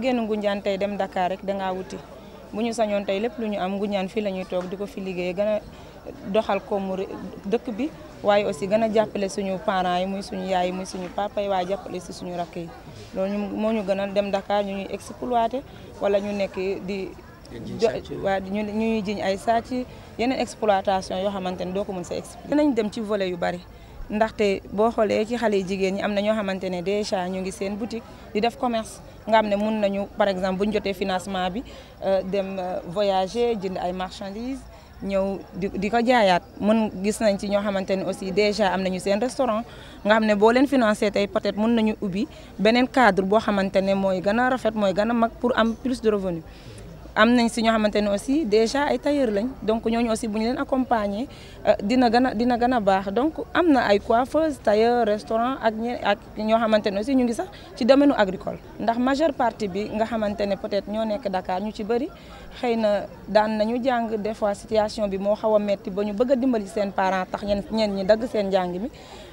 génn Ngoundiane tey dem Dakar rek dangaa wuti bu ñu sañoon tey lépp lu ñu am Ngoundiane fii la ñuy toog di ko fi liggéey gën doxal ko mu dëkk bi waaye aussi gën a jàppale suñu parent yi muy suñu yaay yi muy suñu papa yi waaye jàppale si suñu rakk yi loolu moo ñu gën a dem Dakar ñu ñuy exploité wala ñu nekk di waa ñu ñuy jiñ ay sàcc yeneen exploitation yoo xamante ne doo ko mën sa expliqué nañ dem ci vole yu bari ndaxte boo xoolee ci xale yi jigéen ñi am na ñoo xamante ne déjà ñu ngi seen boutique di def commerce nga xam ne mun nañu par exemple bu ñu jotee financement bi euh, dem euh, voyager jënd ay marchandises ñëw di di ko jaayaat mun gis nañ ci ñoo xamante ne aussi déjà am nañu seen restaurant nga xam ne boo leen financé tey peut-être mun nañu ubbi beneen cadre boo xamante ne mooy gën rafet mooy gën a mag pour am plus de revenu am nañ si ñoo xamante ne aussi déjà ay tailleur lañ donc ñooñu aussi bu ñu leen accompagner euh, dina gën a dina gën a baax donc am na ay coiffeuse tailleur restaurant ak ñe ak ñoo xamante ne aussi ñu ngi sax ci domaine agricole. ndax majeure partie bi nga xamante ne peut-être ñoo nekk Dakar ñu ci bëri xëy na daan nañu jàng des fois situation bi moo xaw a metti ba ñu bëgg a dimbali seen parents tax ñen ñeen ñi dagg seen njàng mi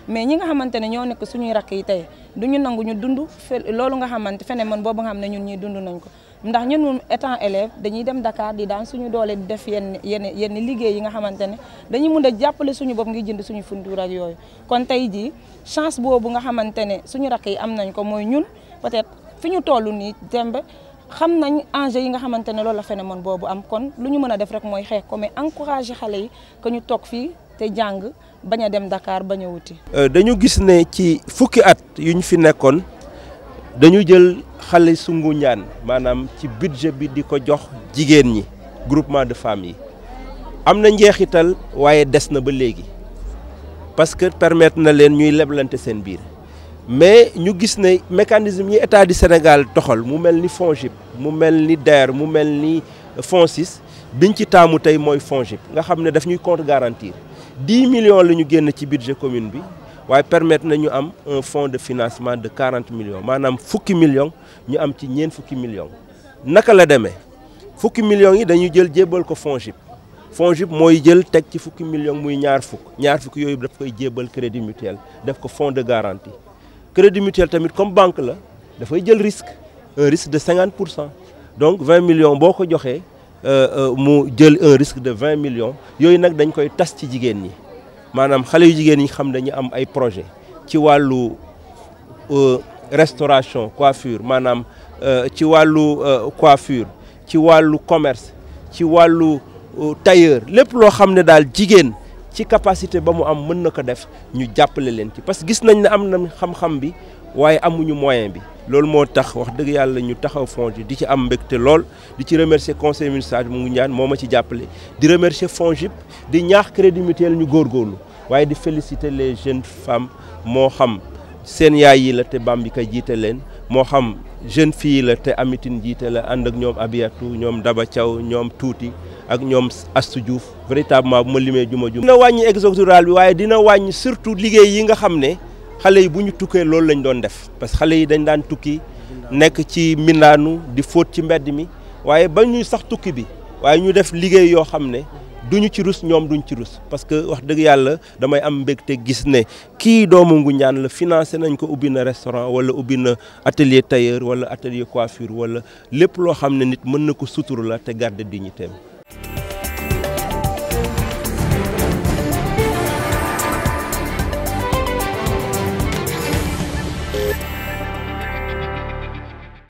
mais ñi nga xamante ne ñoo nekk suñuy rakk yi tey du ñu nangu ñu dund fe loolu nga xamante phénomène boobu nga xam ne ñun ñii dund nañ ko. ndax ñun moom étant élève dañuy dem Dakar di daan suñu doolee di def yenn yenn yenn liggéey yi nga xamante ne dañuy mun a jàppale suñu bopp ngir jënd suñu funduur ak yooyu kon tey jii chance boobu nga xamante ne suñu rakk yi am nañ ko mooy ñun peut-être fi ñu toll nii tembe xam nañ enjeu yi nga xamante ne loolu la phénomène boobu am kon lu ñu mën a def rek mooy xeex ko mais encourager xale yi que ñu toog fii te jàng bañ a dem Dakar bañ a wuti. Euh, dañu gis ne ci fukki at yu ñu fi nekkoon xale su Ngoundiane maanaam ci budget bi di ko jox jigéen ñi groupement de femmes yi am na njeexital waaye des na ba léegi parce que permettre na leen ñuy leblante seen biir mais ñu gis ne mécanisme yi état du Sénégal toxal mu mel ni FONGIP mu mel ni DER mu mel ni FONSIS biñ ci taamu tey mooy FONGIP nga xam ne daf ñuy compte garantir 10 million la ñu génn ci budget commune bi waaye permettre nañu am un fonds de financement de quarante millions maanaam fukki million ñu am ci ñeent fukki millions naka la demee fukki millions yi dañuy jël jébbal ko FONGIP FONGIP mooy jël teg ci fukki millions muy ñaar fukk ñaar fukki yooyu daf koy jébbal crédit mutuel def ko fonds de garantie crédit mutuel tamit comme banque la dafay jël risque un risque de cinquante pour cent donc vingt millions boo ko joxee euh, euh, mu jël un risque de vingt millions yooyu nag dañ koy tas ci jigéen ñi. maanaam xale yu jigéen ñi xam dañu am ay projet ci wàllu euh, restauration coiffure maanaam euh, ci wàllu euh, coiffure ci wàllu commerce ci wàllu tailleur lépp loo xam ne daal jigéen ci capacité ba mu am mën na ko def ñu jàppale leen ci parce que gis nañ ne am na xam-xam bi waaye amuñu moyen bi loolu moo tax wax dëgg yàlla ñu taxaw fond di ci am mbégte lool di ci remercier conseil municipal mu ngi ñaan moo ma ci jàppale di remercier FONGIP di ñaax crédit mutuel ñu góorgóorlu waaye di féliciter les jeunes femmes moo xam seen yaay yi la te Bambika jiite leen moo xam jeune fille la te Amitine jiite la ànd ak ñoom Abiyatou ñoom Daba caw ñoom Tuuti ak ñoom Astou Diouf véritablement bu ma limee juma juma. dina wàññi exode rural bi waaye dina wàññi surtout liggéey yi nga xam ne xale yi bu ñu tukkee loolu lañ doon def parce que xale yi dañ daan tukki nekk ci mbindaanu di fóot ci mbedd mi waaye ba ñuy sax tukki bi waaye ñu def liggéey yoo xam ne. duñu ci rus ñoom duñ ci rus parce que wax dëgg yàlla damay am te gis ne kii doomu Ngoundiane la financer nañ ko ubbi na restaurant wala ubbi na atelier tailleur wala atelier coiffure wala lépp loo xam ne nit mën na ko suturu la te ñu dignitéem